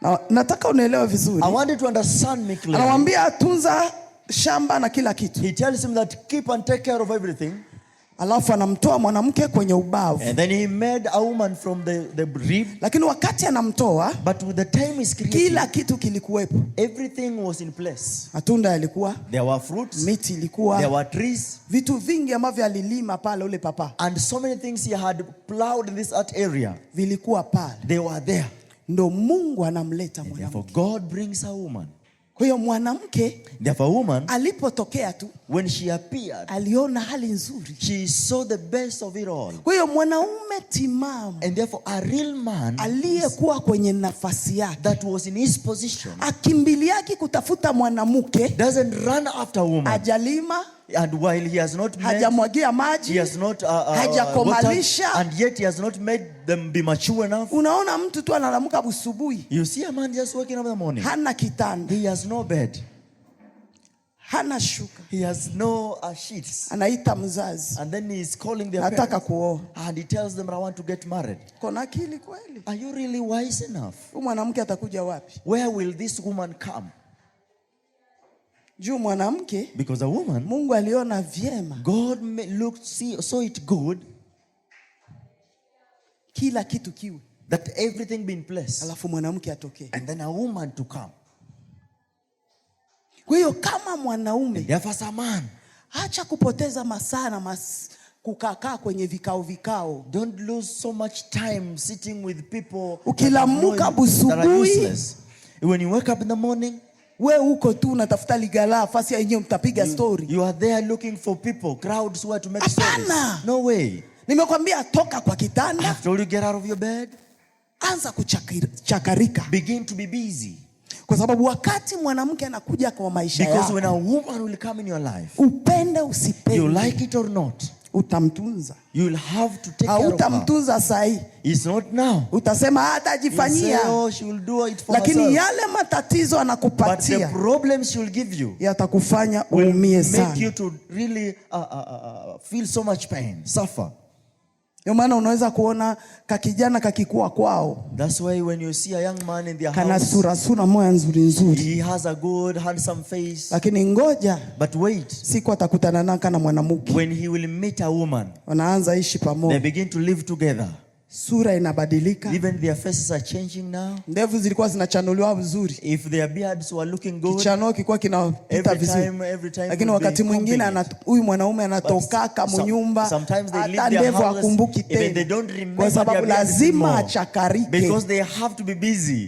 Na, nataka unaelewa vizuri. I want you to understand me clearly. Anamwambia tunza shamba na kila kitu. He tells him that keep and take care of everything. Alafu anamtoa mwanamke kwenye ubavu. And then he made a woman from the, the rib. Lakini wakati anamtoa, but with the time is created, kila kitu kilikuwepo. Everything was in place. Matunda yalikuwa. There were fruits. Miti ilikuwa. There were trees. Vitu vingi ambavyo alilima pale ule papa. And so many things he had plowed in this earth area. Vilikuwa pale. They were there ndo Mungu anamleta mwanamke. God brings a woman kwa hiyo mwanamke alipotokea tu, when she appeared, aliona hali nzuri. She saw the best of it all. Kwa hiyo mwanaume timamu, and therefore a real man, aliyekuwa kwenye nafasi yake, that was in his position, akimbiliaki kutafuta mwanamke, doesn't run after woman, ajalima And while he has not met, hajamwagia maji, he has not, uh, uh, hajakomalisha and yet he has not made them be mature enough. Unaona mtu tu analamuka busubuhi. You see a man just waking up in the morning. Hana kitanda. He has no bed. Hana shuka. He has no uh, sheets. Anaita mzazi. And then he is calling their Nataka kuoa. And he tells them I want to get married. Kona akili kweli? Are you really wise enough? Huyu mwanamke atakuja wapi? Where will this woman come? Juu mwanamke Because a woman Mungu aliona vyema. God looked see, saw it good. Kila kitu kiwe. That everything be in Alafu mwanamke atokee. And then a woman to come. Kwa hiyo kama mwanaume acha kupoteza masaa na mas, kukakaa kwenye vikao vikao. Don't lose so much time sitting with people. Ukilamuka busugui, when you wake up in the morning, we uko tu unatafuta ligala fasi ya yenyewe mtapiga story. You are there looking for people, crowds where to make stories. No way. Nimekwambia toka kwa kitanda. After you get out of your bed, anza kuchakarika. Begin to be busy. Kwa sababu wakati mwanamke anakuja kwa maisha yako, because when a woman will come in your life, upende usipende, you like it or not, utamtunza, you will have to take care of her. Utamtunza sahi, it's not now. Utasema hata ah, hatajifanyia, oh, she will do it for lakini herself. Yale matatizo anakupatia, but the problems she will give you, yatakufanya umie sana, make you to really uh, uh, uh, uh, feel so much pain, suffer ndio maana unaweza kuona kakijana kakikuwa kwao, That's why when you see a young man in their house, kana sura sura nzuri nzuri, he has a good handsome face, lakini ngoja, but wait, siku atakutana naka na mwanamke, when he will meet a woman, wanaanza ishi pamoja, they begin to live together Sura inabadilika. Even their faces are changing now. Ndevu zilikuwa zinachanuliwa vizuri. If their beards were looking good. Kichanuo kilikuwa kinapita vizuri. Lakini wakati mwingine huyu mwanaume anatoka kama nyumba hata ndevu akumbuki tena. Kwa sababu lazima achakarike. Because they have to be busy.